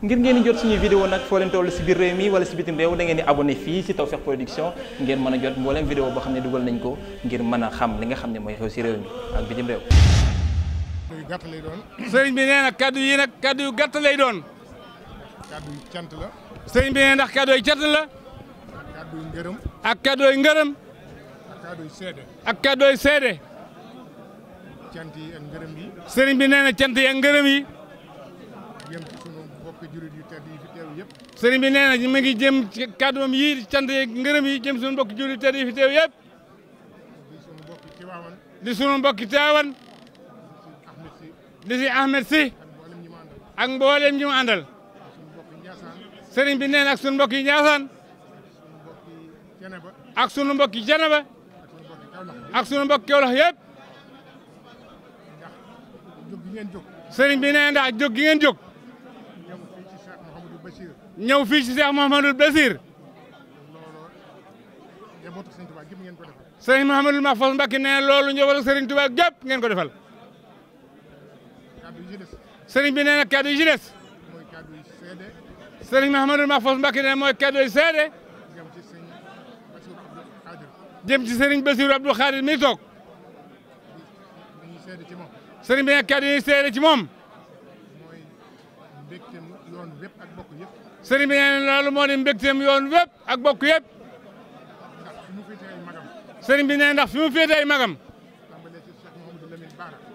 ngir ngeen di jot suñuy vidéo nag foo leen toll si biir réew mi wala si bitim réew da ngeen di abonné fii si Tawfekh Production ngeen mën a jot mbooleem vidéo boo xam ne dugal nañ ko ngir mën a xam li nga xam ne mooy xew si réew mi ak bitim réew. gàtt yi nag kaddu yu lay doon. la. sëriñ bi ndax kaddu yu cant ak kaddu yu ngërëm. ak ak kaddu yu yi ak ngërëm bi nee na cant yi yi. jurit yu tedd yi fi teew yëpp. sëriñ bi nee na mi ngi jëm ci kàddoom yi cant yeeg ngërëm yi jëm suñu mbokk jurit tedd yi fi teew yëpp. di suñu mbokk Tiwaawan. di suñu mbokk Tiwaawan. di si Ahmed si. ak mboolem ñi mu àndal. sëriñ bi nee na ak suñu mbokk yi Njaasaan. ak sunu mbokki Janaba ak sunu mbokki Kewlax yëpp sëriñ bi nee ndax jóg gi ngeen jóg ñëw fii ci Cheikh Mouhamadul Basir. sëriñ Mouhamadul Mahfouz Mbacké nee loolu njabootu sëriñ Touba gépp ngeen ko defal. sëriñ bi nee na kaddu yi ci des. sëriñ Mouhamadul Mahfouz Mbacké nee mooy kaddu yi seede. jëm ci sëriñ Bassirou Abdou Khadir mi toog. yoon wépp ak bokk yëpp. sëriñ bi nee yoon wépp ak bokk yëpp. sëriñ bi nee ndax fi mu féete ay magam.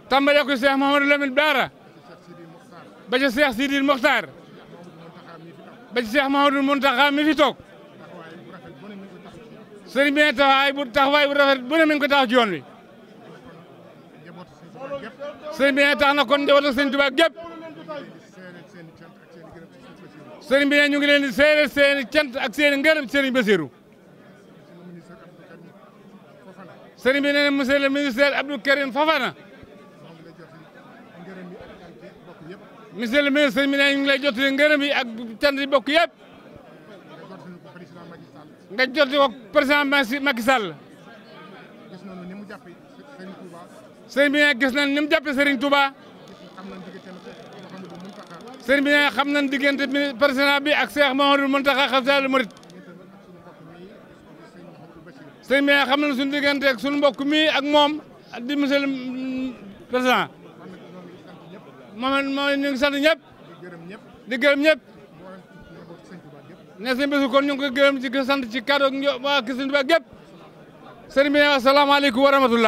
tàmbalee ko Cheikh Mouhamadou Lamine Baara. ba ci Cheikh Sidi Mokhtar. ba ci Cheikh Mouhamadou Mountakha mi fi toog. sëriñ bi nee taxawaay bu taxawaay bu rafet bu ne mi ko taxaw ci yoon wi. sëriñ bi tax na kon njabootu Sëriñ Tuubaa gépp sëriñ bi ne ñu ngi leen seere seeni cant ak seeni ngërëm sëriñ Bassirou sëriñ bi ne monsieur le ministre Abdou Karim Fofana monsieur le ministre sëriñ bi ne ñu ngi lay jottali ngërëm ak cant yi bokk yëpp nga jotti ko président Macky Sall sëriñ bi gis nañ ni mu jàppee sëriñ Touba sëñ bi ne xam nañ diggante bi ak Cheikh Mouhamadou Mountakha Xalifatul Murid sëñ bi ne xam nañ suñu diggante ak suñu mbokk mi ak moom di monsieur le président moom moom ñu sant ñëpp di gërëm ñëpp ne sëñ bésu kon ñu ngi ko gërëm ci sant ci kàddu ak waa kii sëñ bi ak yëpp sëñ bi